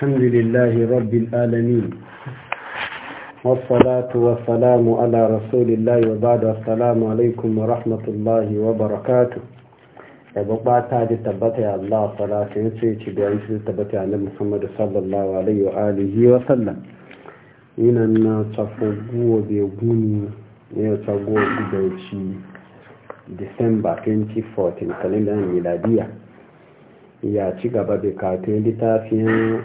الحمد لله رب العالمين والصلاة والسلام على رسول الله وبعد السلام عليكم ورحمة الله وبركاته أبو يبقى تاج تبتي الله صلاة نسيك بأنس تبتي على محمد صلى الله عليه وآله وسلم إن الناس نتفقوا بيبوني نتفقوا بدوشي December 2014 kalendar miladiya ya ci gaba da katon littafin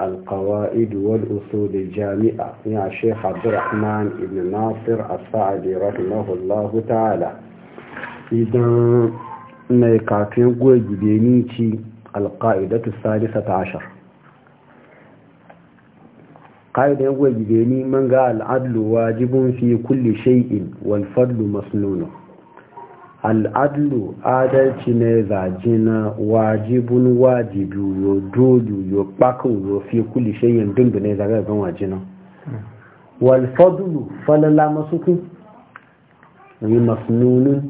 القواعد والأصول الجامعة يا شيخ عبد الرحمن بن ناصر السعدي رحمه الله تعالى إذا نيكاتين قوي القاعدة الثالثة عشر قاعدة قوي من قال العدل واجب في كل شيء والفضل مسنونه al'adlu adalci ne zajina wajibun wajibi yo dole yo bakin yo fi kuli shayin dundu ne zaga gan wajina wal fadlu falala masuku masu masnunun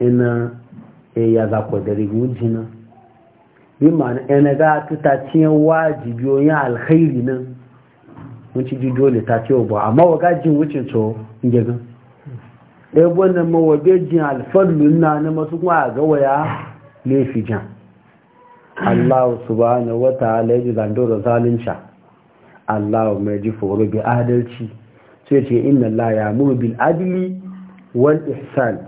ina e ya za ko dari bi ma'ana ina ga tuta cin wajibi yo alkhairi nan mun ci dole ta ba amma waga gajin wucin to inge ɗaya wannan jin alfallun na na masu kuma a gawaya laifi jan Allah subhanahu wa ta'ala yaji zando da zalunca Allah mai ji foro bi adalci sai ce inna la ya'muru bil adili wal ihsan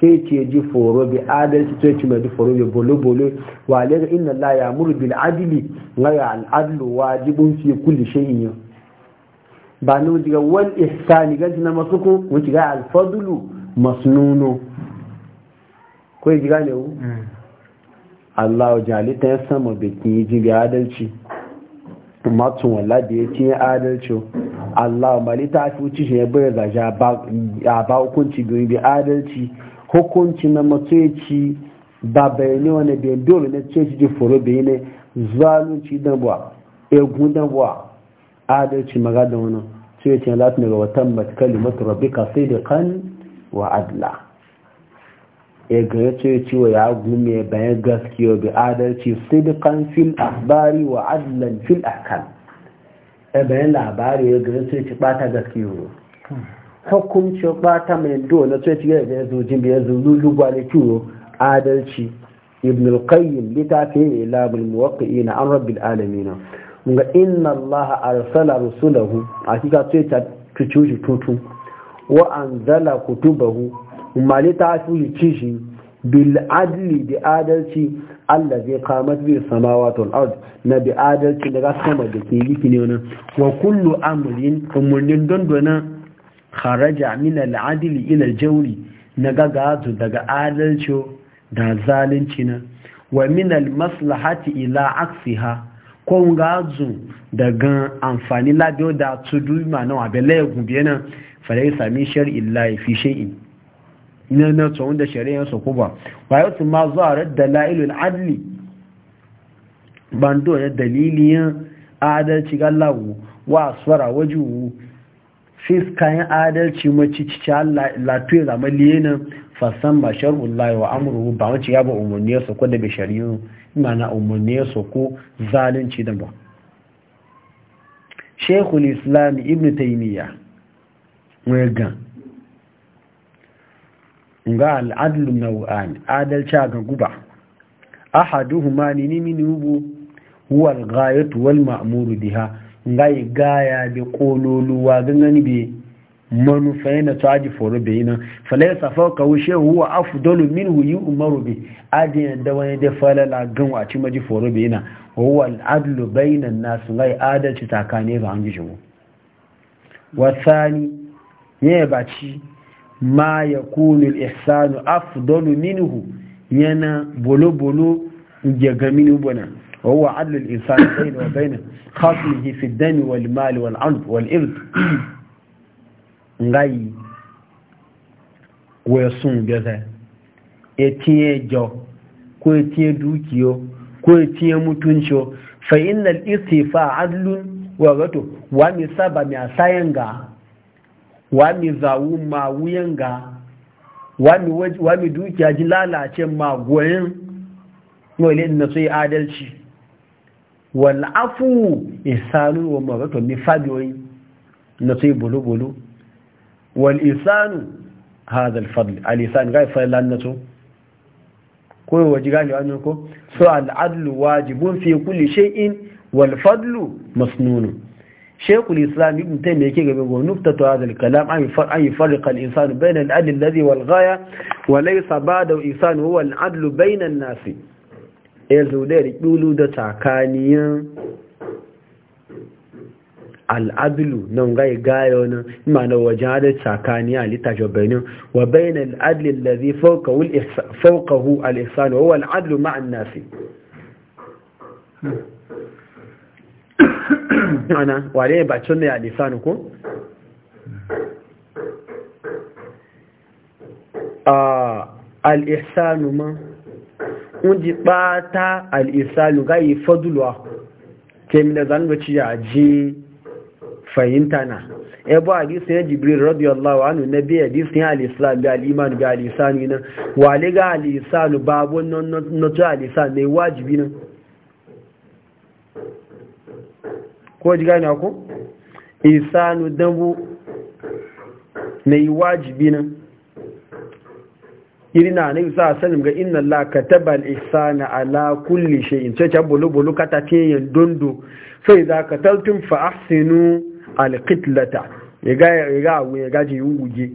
sai ce ji foro bi adalci sai ce mai ji foro bi bolo bolo wa la inna la ya'muru bil adili laya al'adlu adlu wajibun fi kulli shay'in ba ni diga wal ihsani ganti na masu ku wuce ga alfadulu masnuno ko yi ne wu mm. Allah ta ya sama bikin yi ji adalci matun wala da ya cinye adalci Allah malita fi wuce shi ya bayar da a ba hukunci biyu bi adalci hukunci na matsoyaci ba bayani wani bayan dole na ce shi ji foro ne zalunci dan buwa egun dan buwa adalci maga da wani sai ya ce latin daga watan matkalimatu rabbika sidqan wa adla ya ga ya ce ciwo ya gume bayan gaskiya da adalci sidqan fil ahbari wa adlan fil ahkam ya bayan labari ya gaya ya ce ci bata gaskiya hukuncin bata mai dole sai ci ga ya zo jin ya zo lulugwa ne ciwo adalci ibn al-qayyim littafin ila bil muwaqqi'ina an rabbil alamin ga inna Allah arsala rusulahu kika sai ta cuci tutu wa anzala kutubahu mali ta fi cishi bil adli bi adalci Allah zai kamar bi samawatul wato ard na bi adalci daga sama da ke yi ne wani wa kullu amrin umurnin dondona kharaja min al adli ila al jawri na gagazu daga adalci da zalunci na wa min al maslahati ila aksiha ko ga zu daga amfani labiyo da tudu ma nan abele egun biye nan falai sami shar illahi fi shay'in ina na tsohon da shari'ar sa kuma ba. yau su ma zuwa radda la'ilul adli bando ya daliliyan adalci gallawo wa asfara wajuhu fiskayen adalci macici latuwa zama liye nan fasan ba shar'ullahi wa amuru ba wacce ya ba umarniyar su ko da bai shari'u imana umarniyar su ko zalunci da ba shekul islam ibn taimiyya wegan ga al'adul nau'an adalci ga guba hadu humani ni mini hubu huwar gayatuwal ma'amuru wal ma'muru biha ngai gaya bi kololuwa ganganibe manufai na caji foro bai nan falai safa kawo shehu wa afdalu min yi umaru bi adiyan da wani da falala gan wa ci maji foro bai nan wa adlu bainan nasu lai adalci takane ba an ji shigo wasani ya baci ma ya kunu ihsanu afdalu minhu yana bolo-bolo ya gami nubana wa adlu al-insani bayna wa bayna fi ad-dami wal mali wal 'ard wal ird ngayi wesun gese etie jo ko etinye dukiyo ko etinye mutuncio fa innal istifa adlun wa gato wa mi saba mi asayen ga wa mi zawu ma wuyen ga wa mi dukiya ji lalace ma goyen wale na sai adalci wal afu ihsanu wa magato mi fabiyoyi na sai bolo bolo والإنسان هذا الفضل الإنسان غير al isan ga fa lanato ko waji gani an ko so al adlu wajibun fi شيخ الإسلام ابن تيمية يقول نفتة هذا الكلام أن يفرق الإنسان بين العدل الذي والغاية وليس بعد الإنسان هو العدل بين الناس إذا ذلك يقولوا ده تاكانيا al'adlu nan gai gayo nan ima na wajen adal tsakani a littafin benin wa bayan al'adli da zai faukahu al'isani wa al'adlu ma'an nasi ana wale ya bacin da ya al'isani ko? al'isani ma wunji ɓata al'isani gai fadulwa ke mina zanen da ci ya ajiye. fahimta na ebo hadisi ya jibril radiyallahu anhu na biya hadisi ya al-islam bi al bi na wale ga alisani babu na to al wajibi na ko ji gani ku isanu dambu ne wajibi na na na sa sanin ga inna la kataba isa na ala kulle shay'in cece ta bulu bulu kata dondo sai za ka taltun fa alkitlata ya ga ya ga ya gaji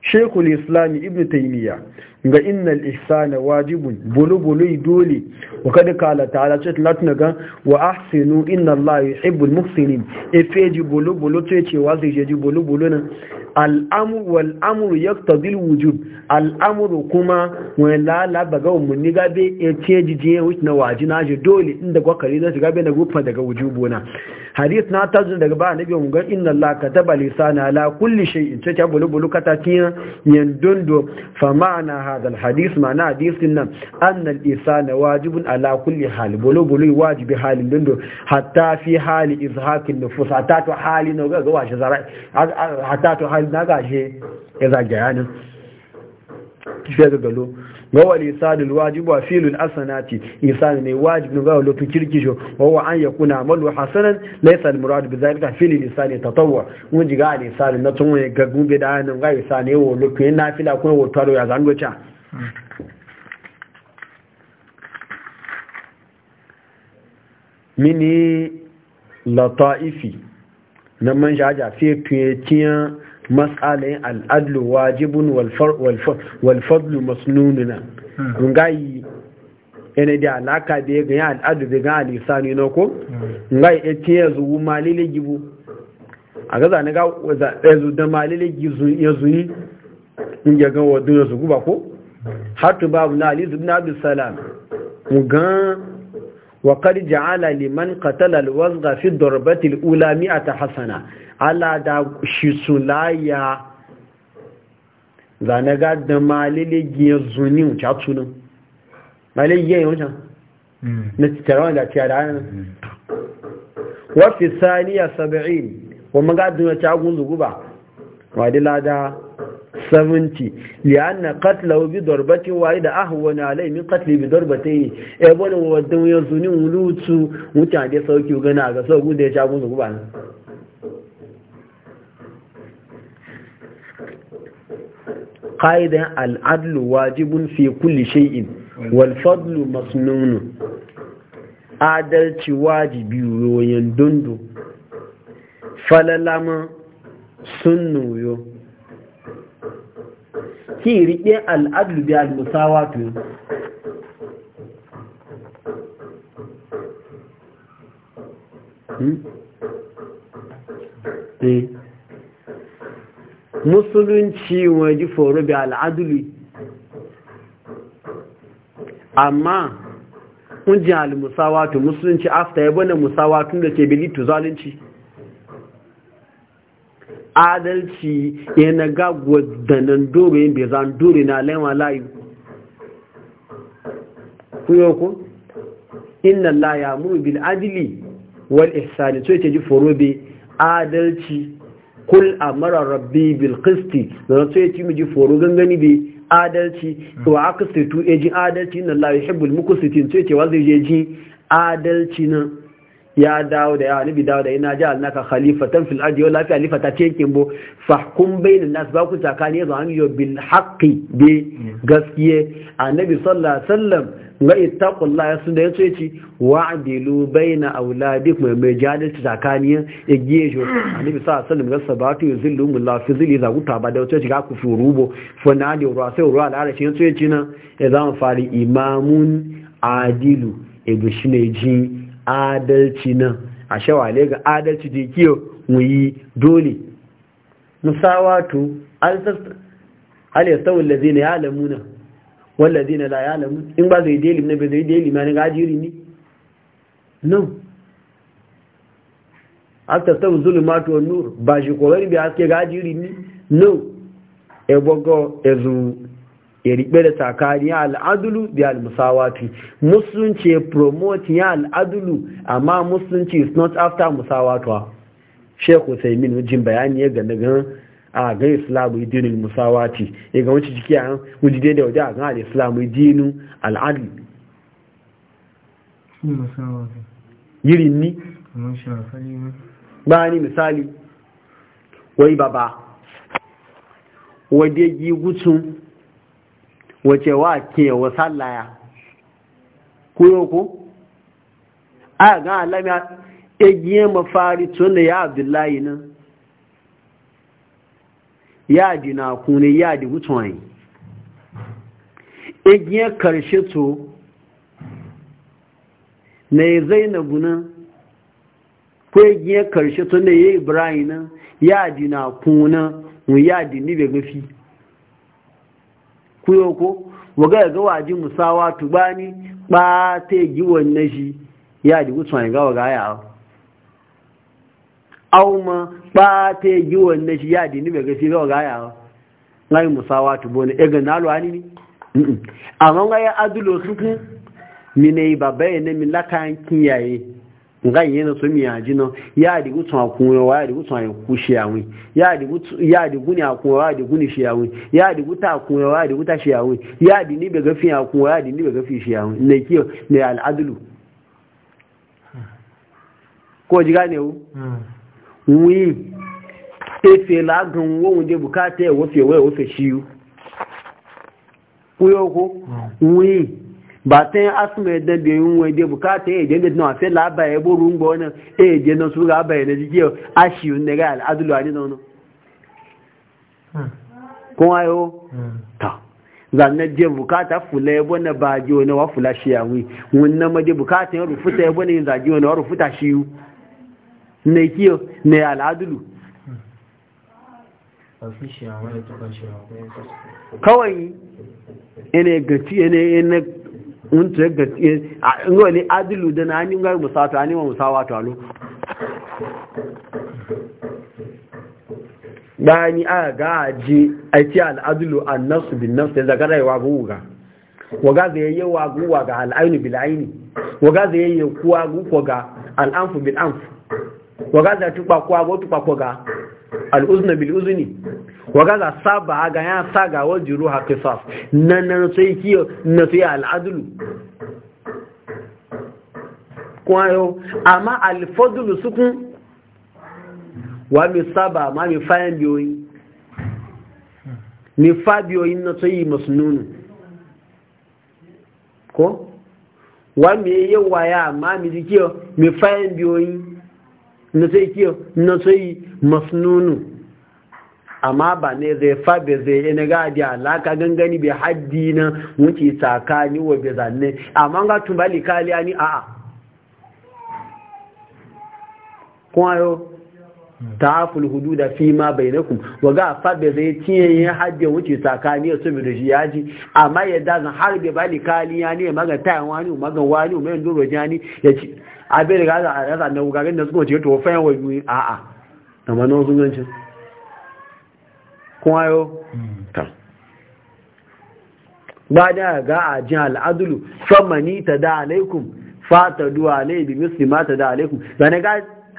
shekul islami ibn taymiya ga innal ihsana wajibun bulu bulu dole wa kada kala ta'ala ce latna ga wa ahsinu inna yuhibbul muhsinin ifeji bulu bulu ce ce wa zai je bulu bulu nan al'amur wal amru yaqtadi al wujub al kuma wa la la baga mun ni gabe e ce je wuce na waji na je dole inda gwakari na shiga gabe na gufa daga na. hadith na tazin daga ba nabi mun ga inna allaha kataba lisana ala kulli shay'in ce ta bulu bulu katakin dondo fa ma'ana hadal hadis ma'ana hadisin nan annal isana wajibun ala kulli hal bolo bolo wajibi halin dindo hatta fi hali izhakin nufus hatta to hali na ga ga washe zara, hatta to hali na gashe ya zagaya ne fiye ga galo gawal isadul wajibu wa filul asanati isani ne wajibin gawal lotu kirkisho wawa an ya kuna malu hasanan laisa almurad bi zalika fil ta tatawwa mun jiga al isani na tun ga gumbe da nan ga isani wo lotu na fila ko wo taro ya zango cha mini lataifi na manja ja fiye tuye tiyan matsalayin al'adlu wajibun walfadlu in gayi yana da alaka da ya ganya al'adu da gan alisani na ko hmm. gayi ya ce ya zuwu malile gibu a gaza na ga zaɗe da malile gizu ya zuni in ya gan wadu ya zugu ba ko hmm. hatu babu na alizu na abu salam mu gan wa kar ja'ala liman katalar wasu gafi fi ulami a ta hasana ala da shi sulaya zane gada maliligiyar zunin catunan maliligiyar wuce hmm. na tattarawa da ciyar da hannun hmm. wafi saniya saba'in wa maga magadin na cagun zuguba wadi lada 70 na katla obi dorbatin waye da ahuwani alai min katla obi dorbatin yi ebonin wadda wuyan zunin wulutu dai sauki gana ga sauku da ya cagun zuguba ne qaidan al-adl wajibun fi kulli shay'in wal fadlu masnun adalci wajibi yoyin dundu falalama sunnu yo ki riƙe al'adlu bi al-musawatu hmm? eh musulunci waji foro bi al'aduli amma kunjin al-musawatu musulunci afta ya bane musawatu da ke bilitu zalunci adalci yana gagwa da nan dore yin bezan dore na laiwa layu kuyoko inna la ya muru bil adili wal ihsani so ce ji foro bi adalci kul amara rabbi bil qisti zan so yace miji foro gangani bi adalci to aka sai tu eji adalci nan la yuhibbul muqsitin so yace wa zai je ji adalci nan ya dawo da yawa nabi dawo da yana ji alnaka khalifatan fil ardi wala fi khalifata ce kin bo fahkum bainan nas ba ku tsakani yanzu an yo bil haqqi bi gaskiye annabi sallallahu alaihi wasallam ga ittaqullaha sun da yace ci wa'dilu baina auladikum mai jadalci tsakani igiye jo annabi sallallahu alaihi wasallam ga sabatu yuzillu mulla fi zili za ku taba da yace ga ku furubo fanadi ruwa sai ruwa al'ada shi yace ci nan ya zama fari imamun adilu ebe shi ne jin adalci nan a shawale ga adalci da kiyo mu yi dole musawatu alistawul lazina ya alamuna wallazina la ya in ba zai daily na bai zai daily ma ni gajiri ne no after some zulumatu wan nur ba shi kolari bi ga gajiri ne no ebogo ezu ya riɓe da ya al'adulu da ya musawati musulunci ya promote ya al'adulu amma musulunci is not after musawatuwa sai min jin bayani ya gane gan a gan islamu dinin musawati ya ga wacce jiki a wujin daidai wajen a gan al-islamu dinin al'adulu yirin ni ba ni misali wai baba wadda yi gutsun Wacewa wa ke wa sallaya kuyo ko a ga alami egiye mafari tun da ya abdullahi nan ya di na kune ya di mutuwani egiye karshe to na ya zainabu nan ko egiye karshe to na ya ibrahim nan ya di na kune ya di nibe gafi kuyo ko waga ga waji musawa tubani ba ta yi wannan shi ya ji gutsun ga waga ya au ma ba ta yi wannan shi ya ji ni ga shi ga waga ya ngai musawa tubone e ga nalo ani ni amma ngayi adulo suku mine babaye ne min lakan kiyaye nga yena sumiya mi yaji ya di gutu akunwe wa di gutu ayo kushi ya di gutu ya di guni akunwe wa di guni shi ya di guta akunwe wa di guta shi ya di ni be gafi akunwe wa di ni be gafi shi awi ne kiyo ne al adlu ko jiga ne wu hmm. wi la wo bukata wo fe wo fe kuyo ko hmm. wi ba ta yin asma yadda da yin wani da bukata e ya jenda na wafe laba ya e buru e ngba wani ya na su ga bayan na jike a shi yun daga al'adulu a nizonu kun ayo ta zanne je bukata fula ya bane ba ji wani wa fula shi ya wi wunna ma je bukata ya rufuta ya bane yin zagi wani wa rufuta shi yu na kiyo na al'adulu kawai yana gaci yana. in ta yadda a wani adilu da na hannun gari musata ne wa musawa talo bayani a gaji a ce al'adilu an nasu bin nasu ya zagara yawa guga waga zai yi yawa guwa ga al'ainu bil aini waga zai yi kuwa guko ga al'amfu bil amfu waga zai tukwa kuwa go tukwa ko ga al'uzna bil uzni wagaza saba ga ya saga wajen ruha kisas nan nan sai kiyo na sai al'adulu kwayo amma alfadulu sukun wa mi saba ma mi fayan biyoyi mi fa biyoyi na sai masnunu ko wa mi yawa ya ma mi kiyo mi fayan biyoyi na sai kiyo na sai masnunu amma ba ne zai fabe zai yi ga da alaka gangani bai haddi na wuce tsakani wa bai zanne amma ga tumbali kaliya ni a'a kuma yau hudu da fi ma bainakum wa ga fabe zai tiye yi haddi wuce tsakani su bi ya ji? amma ya da zan har bai bali kaliya ne maga tayan wani maga wani mai duro jani ya ci abin da ga za a yasa na wugarin da suka ce to fayan wa a'a amma na wasu gancin kuma hmm. yau ta ba da ga a jin al'adulu famani ta da alaikum fata duwa ne bi muslima ta da alaikum zane ga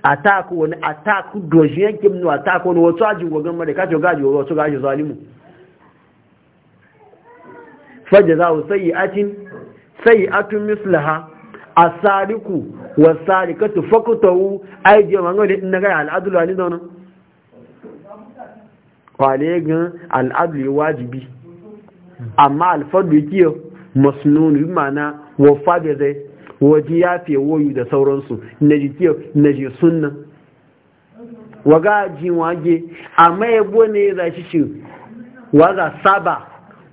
ataku wani ataku dojin yankin nuna ataku wani wasu ajin gogon mara kacho gaji wasu gaji zalimu fajar za a sayi atin sayi atun mislaha a sariku wa sarikatu fakuta wu aijiyar gani na gaya al'adulu a ni kwale gan al'adul wajibi amma alfadu kiyo masnunu mana wa fada zai waje ya fi woyu da sauransu na ji kiyo na ji sunna waga jin wage amma ya ne ya zashi shi waga saba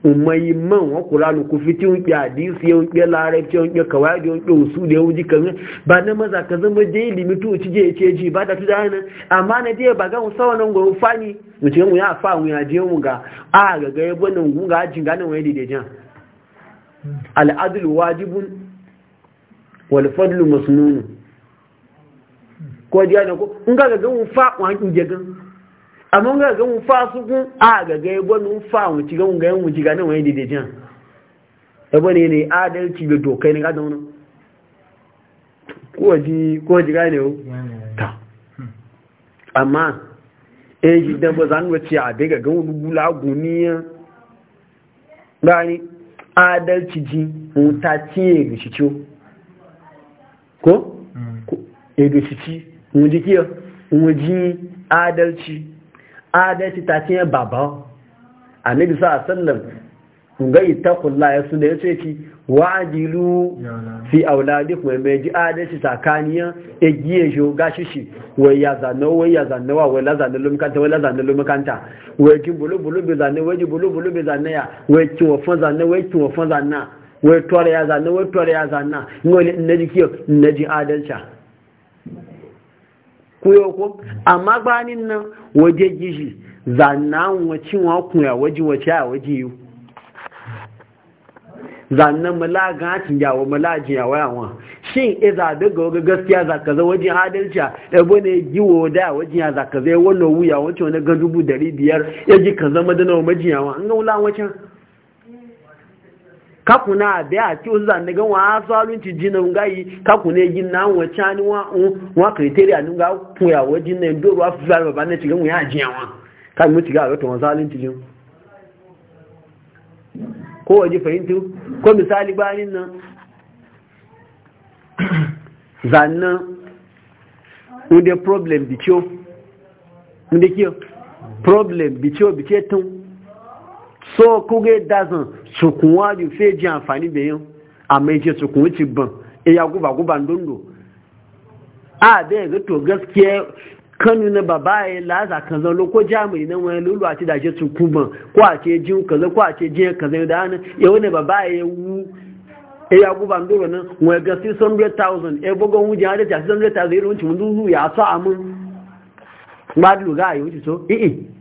umayi man wa kuranu ku fiti un ya hadisi un ya larabci un ya kawai un ya usu da yau jikan ba na maza ka zama je limi tu ci je ce ji ba da tu da hana amma na je ba ga usawa nan go fani mu ce mu ya fa mu ya je mu ga a ga ga yabo nan gu ga jin ganin wani da jan al adl wajibun wal fadlu masnun ko ji ana ko in ga ga gan fa wa kin je amma ga ga mu fa su kun a ga ga yabo mu fa mu ci ga mu ga mu ci ga nan wani dide jan yabo ne ne adalci da dokai ne ga da wannan ko ji ko ji ga ne ta hmm. amma e ji dan ba zan wuce a daga ga wani gula guniya gani adalci ji mu ta ci e ga shi ko hmm. ko eh ga shi ci mu ji kiyo mu ji adalci Ada ta ce baba annabi sa sallam ga ittaqullah ya su da ce ki wa'dilu fi auladikum mai ji adalci tsakaniya e giye jo ga shi wai ya zanno wai ya zanno wa wai la zanno lumkanta wai la zanno lumkanta wai ki bulu bulu bi zanne wai ji bulu bulu bi zanne ya wai ki zanne wai ki wofan zanna wai tore ya zanne wai tore ya zanna ngole naji kiyo naji adalci kuyoko amma banin nan waje gishi zannan wacin wa kuya waje wace a waje yi zannan mala gatin yawa mala jiyawa yawa shin e a daga waga gaskiya zaka za wajen adalci e bane giwo da wajen ya ka zai e wannan wuya wancan wani ga dubu dari biyar ya e ji ka zama da nawa majiyawa an ga wula wancan kakuna abe a ti uzan daga wa zalunci jinan gayi kakune gin nan wa ya jinan ruwa fi baba ne gan wa ajiyan wa mu ga ga to zalunci jin ko waje fahimtu ko misali bayanin nan zannan unde problem bicho unde kiyo problem bicho bicho tun so kuge dazan sukun waju fe ji amfani da yin amma yace sukun wuce ban e guba guba ndondo a da ga to gaskiya kanu na baba ya laza kan zan loko jami na wani lulu a ce da ce sukun ban ko a ce jin kaza ko a ce jin kaza da hannun ya wani baba ya e wu e ya guba ndondo nan wani ga 600,000 e bugon wujin hada ta 600,000 irin wuce mun zuzu ya so amin ba da lura e a yi wuce so i'i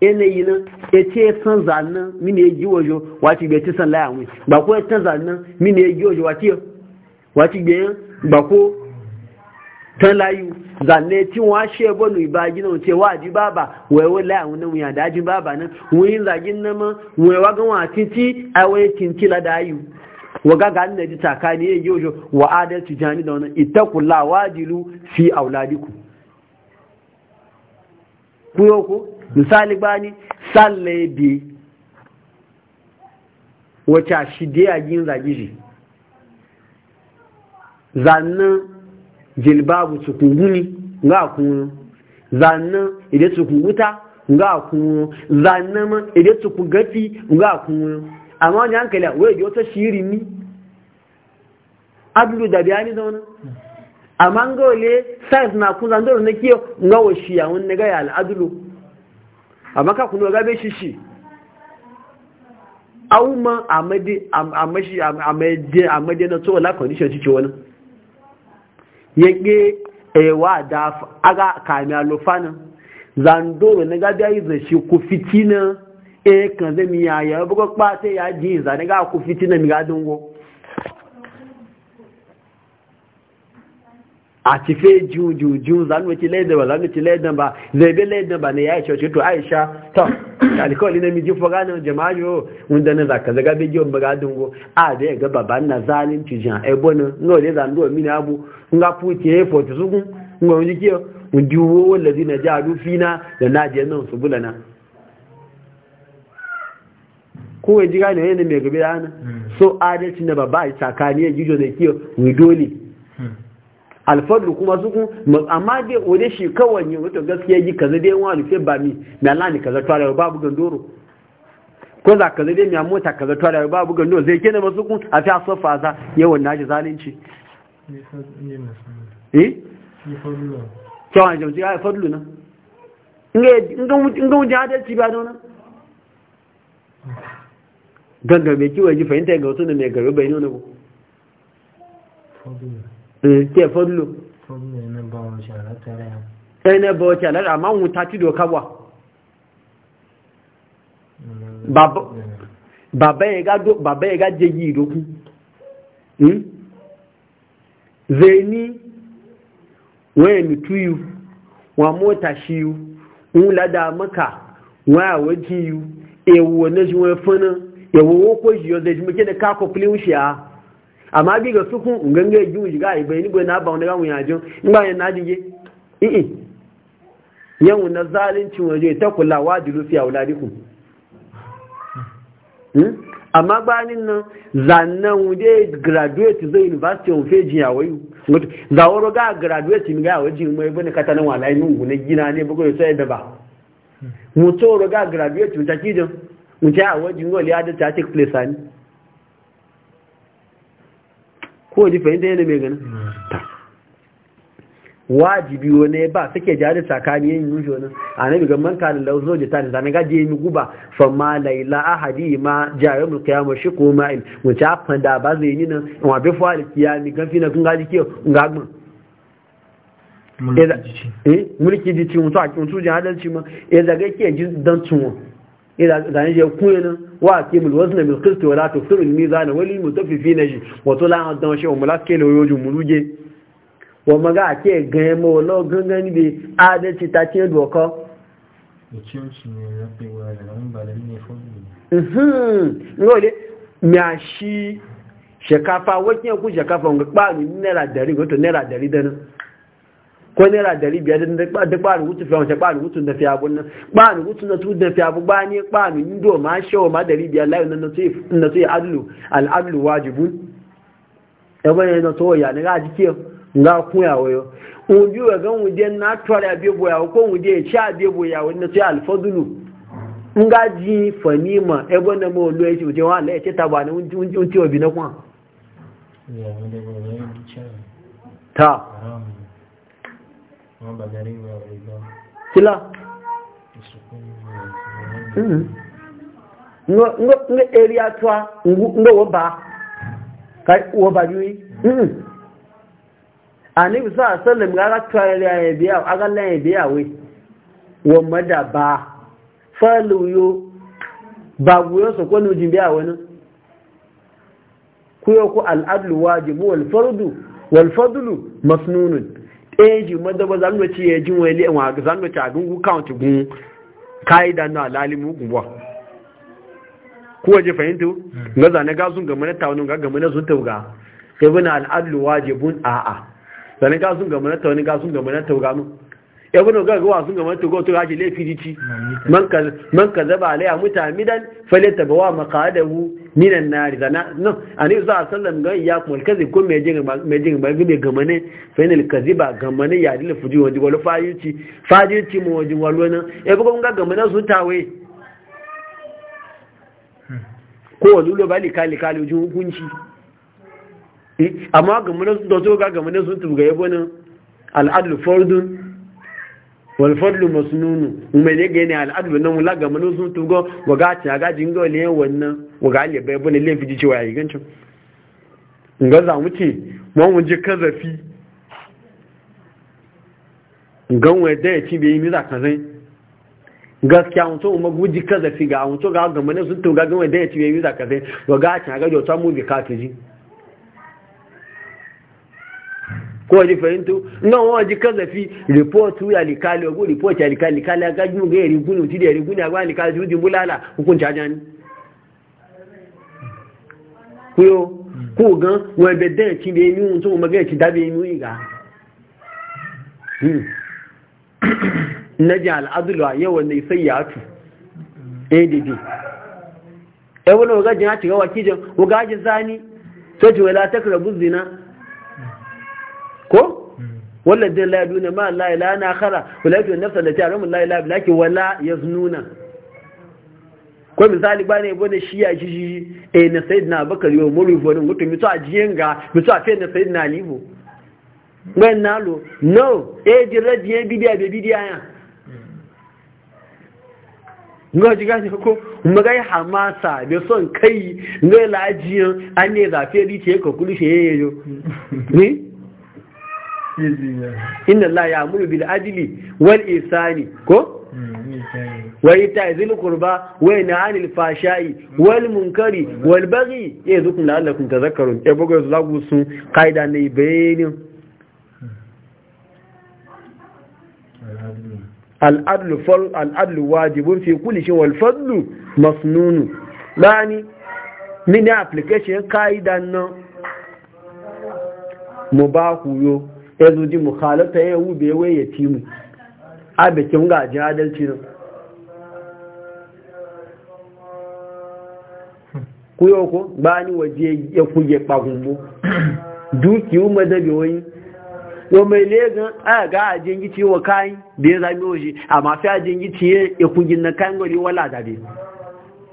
yanayi nan ya ce ya san zanen mini ya ji wajo wace bai ci san laya mai ba ko ya san zanen mini ya ji wajo wace wace ba ko tan layu zanne tí wọ́n á ṣe bọ́ọ̀lù ìbájí wa tí wáàdí bàbà wẹ̀wọ́ láàrin náà wọ́n àdájú bàbà náà wọ́n yí zàgí náà mọ́ wọ́n wá gan wọ́n àti tí àwọn ètì ń tíla dáyù wọ́n gága ní ẹ̀dí tàkà ní èyí òjò wọ́n á dẹ́ tùjá fi àwùládìkù kúyókù misali bani salle bi wacce shi dai a gin zagi shi zannan jilbabu tsukunguni ga kunu zannan idan tsukunguta ga kunu zannan idan tsukungafi ga kunu amma wani hankali wai da wata shiri ni ablu da ni zaune amma ga wale science na kun zandoro na kiyo ga wa shiya wani ga gaya al'adulu amma ka kunu gabe shi shi awuma amade amashi amade amade na to la condition ti ce wani yake ewa da aga kami alofana zandoro na gabe ayi zai shi ku fitina e kan zai miya yaya bugo pa sai ya ji zane ga ku fitina mi ga dungo a ti juju jujuju za mu ci laidan ba za mu ci laidan ba zai bi laidan ba ne ya aisha ce to aisha to alkawali na miji fuga na jama'a yo mun da na zaka zaga bi giyon baga dungo a da ya ga baban na zalunci jan ai bonin no le zan do mini abu nga puce e fotu sugu nga mun jikiyo mun diwo wallazi na jadu na da na je nan su bulana ko ya ji gane ne mai gabe yana so adalci na baba tsakani ya gijo da kiyo mu dole alfadu kuma su kun amma dai wani shi kawai ne wato gaskiya ji kaza dai wani sai ba mi mai Allah ne kaza tare babu gandoro ko za kaza dai mai mota kaza tare babu gandoro zai kene masu kun a fi sofa za yawan naji zalunci eh kyawun jamsi ya fadlu na inga wuce adalci ba nuna gangar mai kiwon ji fahimta ga wasu da mai gari bai nuna ku Eh, ke fallo ɗaya ba wace alara amma wuta ci doka wa eh. baba ya ga jeji doku hmm? zai wani waya mutu yi wa mota shi yi wula da maka waya waji yi ewu wane shi wani fana yawo e ko shi yau zai ji muke da kakofin shi a amma bi ga sukun ganga yi wuji ga ibe ni bai na ba wani gamu yajin in ba yana dige i'i yau hmm? na zalincin waje ta kula wa jiru wula wuladiku amma bayanin nan zannan wuje graduate zai university of feji ya wayu zaworo ga graduate mi ga waje mai bane kata na wala yin gune gina ne ya sai da ba mutoro ga graduate mutakijin a waje ngoli ada ta take place ani ko ji fahimta yana mai ganin ta wajibi wani ba suke jari tsakani yin yi shi wani a nabi ga manka da lauzo da tani zane gaji yin guba fama laila ahadi ma jari mu kiyama shi ko ma'il wace hafan da ba zai yi nan in wa bi da kiyami kan na kun gaji kiyo in gagman mulki jici eh, mutu a kin su ma ya zaga ke ji don tunwa zane je kuye nan wa ke mulwasu na milkistu wala to firin miza na wali mutafifi na shi wato la'an dan shi wa mulaske da yoyo muluje wa maga a ke ganye ma ngole mya shi shekafa wakin ku shekafa ga ni naira dari goto naira dari dana ko naira dari biyar da kpaanu hutu fi wace kpaanu hutu da fi nan hutu na tu da fi abu ba ne kpaanu yin ma shawo ma dari biyar layu na tu yi adlu al'adlu wajibu ya bane na to ya ni ga nga kuya wayo un biyu ga gan wuje na ya bebo ya ko wuje ya ci a bebo ya wani na alfadulu ya ma olu ya kila hmm. nga area twa nga woba kai woba yui hmm. ani bisa sallam ga twa area ya biya aga lan ya biya we wo mada ba falu yo ba guyo so ko nujin biya wani kuyo ku al adlu wajibu wal fardu wal fadlu masnunun eji madaba zanwaci ya ci wani wele wa za mu ta gungu count gun kaida na lalimu gunwa ko waje fahimtu hmm. ga zane ga sun gamana tawun ga gamana sun tauga ibn al-adl wajibun a'a zane ga sun gamana tawun ga sun gamana tauga mu ibn ga gawa sun gamana tauga to ga ji lafi dici hmm, man ka midan ka zaba alai mutamidan da maqadahu minan na da na no ani za a sallam ga ya kuma kazi ko me jin me jin ba ga gamane fa inal kaziba ne ya dil fuji waji wal fayuci fayuci mu waji wal wana e bugo ga na su tawe ko lulo bali kali kali ju hukunci amma na su dozo ga gamane su tuga yabo nan al'adul fardun wal fadlu masnunu me ne ga ne al'adlu nan la gamane su tugo waga ta ga jingo ne wannan ga aliyar bai bane laifin ji cewa ya yi gancin ga za mu ce mawun ji kazafi Ga wai da ya ci bai yi miza ka zai gaskiya mutu umar guji kazafi ga mutu ga gama ne sun to ga gan wai da ya ci bai yi miza ka zai waga a can gajo ta mu bi ka ji ko ji fahimtu nan wa ji kazafi report ya likali wa go report ya likali likali ga ju ga rigun ti da rigun ya ga likali ju bulala hukunci ajani. kuyo ko gan wọn bẹ dẹ́n tí bẹ inú tó wọn gẹ́ẹ̀ tí dábẹ inú ìgá nájà al'adùlọ yẹwọ ní ìfẹ́ yà tù add ẹwọ́n wọ́n gajin hmm. àti kí kíjọ wọ́n gajin zani tó ti wọ́n látẹ́kọ̀ọ́ buzina ko wọ́n lè dín láìlú ní máa láìlá náà kára wọ́n láìlú na fẹ́lẹ̀ tí a rọ́mù láìlá bí láki wọ́n lá yẹ ko misali ba ne bane shi ya shi, eh na sayyidina bakari wa mulu fonin mutum mito a jiyenga mito a fe na sayyidina libo wen na lo no eh jira jiye bidiya be bidiya ya ngo jiga ne ko magai hamasa be son kai ngai lajiyan an ne zafe li ce ko kulu she yo ni inna la ya'muru bil adli wal ihsani ko wai ta zil kurba wai na anil fashai wal munkari wal baghi ya zukun la Allah kun tazakkaru ya bugu su lagu su kaida ne bayani al-adlu fal al-adlu wajibun fi kulli shay wal fadlu masnun ni min application kaida nan mu ba ku yo ezu mu mukhalata ya yi wube waye timu abe kin ga jadalci nan kuyoko bani waje ya kuje kpahumbu duki umma da biyoyi wa mai legan a ga a jingi ci wa kai da ya zami waje amma fi a jingi ci ya kuje na kan gari wala da bi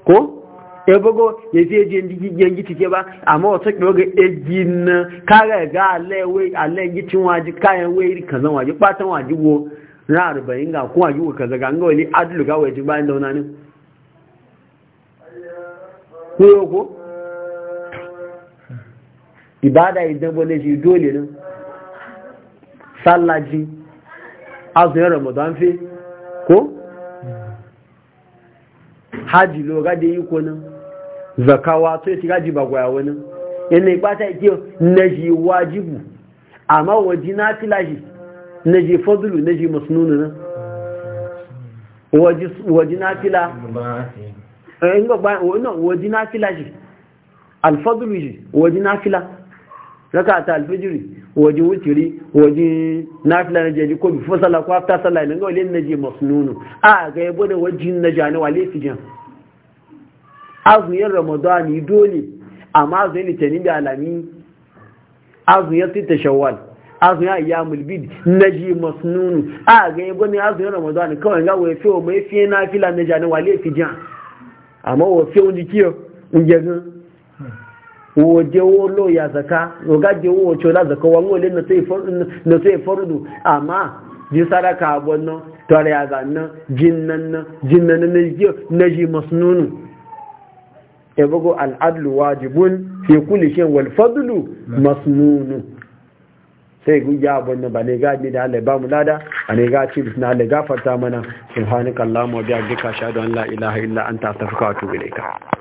ko ya bugo ya fi jingi ci ke ba amma wata kiwa ga na kare ga alaiwe alaiwe ci waje kayan wai kazan waje batan waje go na arba'in ga kuma yi wa kaza ga an ga wani adulu ga waje bayan da ko ko ibada zan bane shi dole ne sallaji azumin ramadan fi ko haji lo ga da yi ko nan zakawa to shi gaji ba gwaya wani yana ibata ike na shi wajibu amma waji na filashi na shi fadulu na shi masnunu nan waji na fila ẹ̀yìn eh, gbogbo àwọn náà wọ́n dín náfílà jì alfọ́dúrù jì wọ́n dín náfílà rákàtà alfẹ́jìrì wọ́n dín wútìrí wọ́n dín náfílà na jẹ́jì kó bí fún sálà kó áfítà sálà ìlú náà lè na jẹ mọ̀sùnúnù ààgà ẹbọ́ na wọ́n na jẹ àná wà lè fi jẹun azunyar ramadan ni dole amma azunyar litinin da alami azunyar tita shawwal azunyar ayyamul bid na ji masnunu a ga yi gwani azunyar ramadan kawai ga wai fiye mai fiye na fila na jani wa laifi jan àmọ́ wọ́n fi oúnjẹ kí ọ oúnjẹ gan wọ́n ga owó lóòyà zaka ọ̀gá jẹ́ owó ọ̀chọ́ na wọn wọ́n lé nàtọ́ ìfọ́rùdù àmá ji sadaka abon nan tare ya na nan jinnan nan jinnan na ji masnunu ya bugu al'adlu wajibun fi kulli shay wal fadlu masnunu sai ya abin da ba ne ga da Allah ba mu lada a ne ga ci bisna Allah gafarta mana subhanakallahumma wa bihamdika ashhadu an la ilaha illa anta astaghfiruka wa atubu ilayka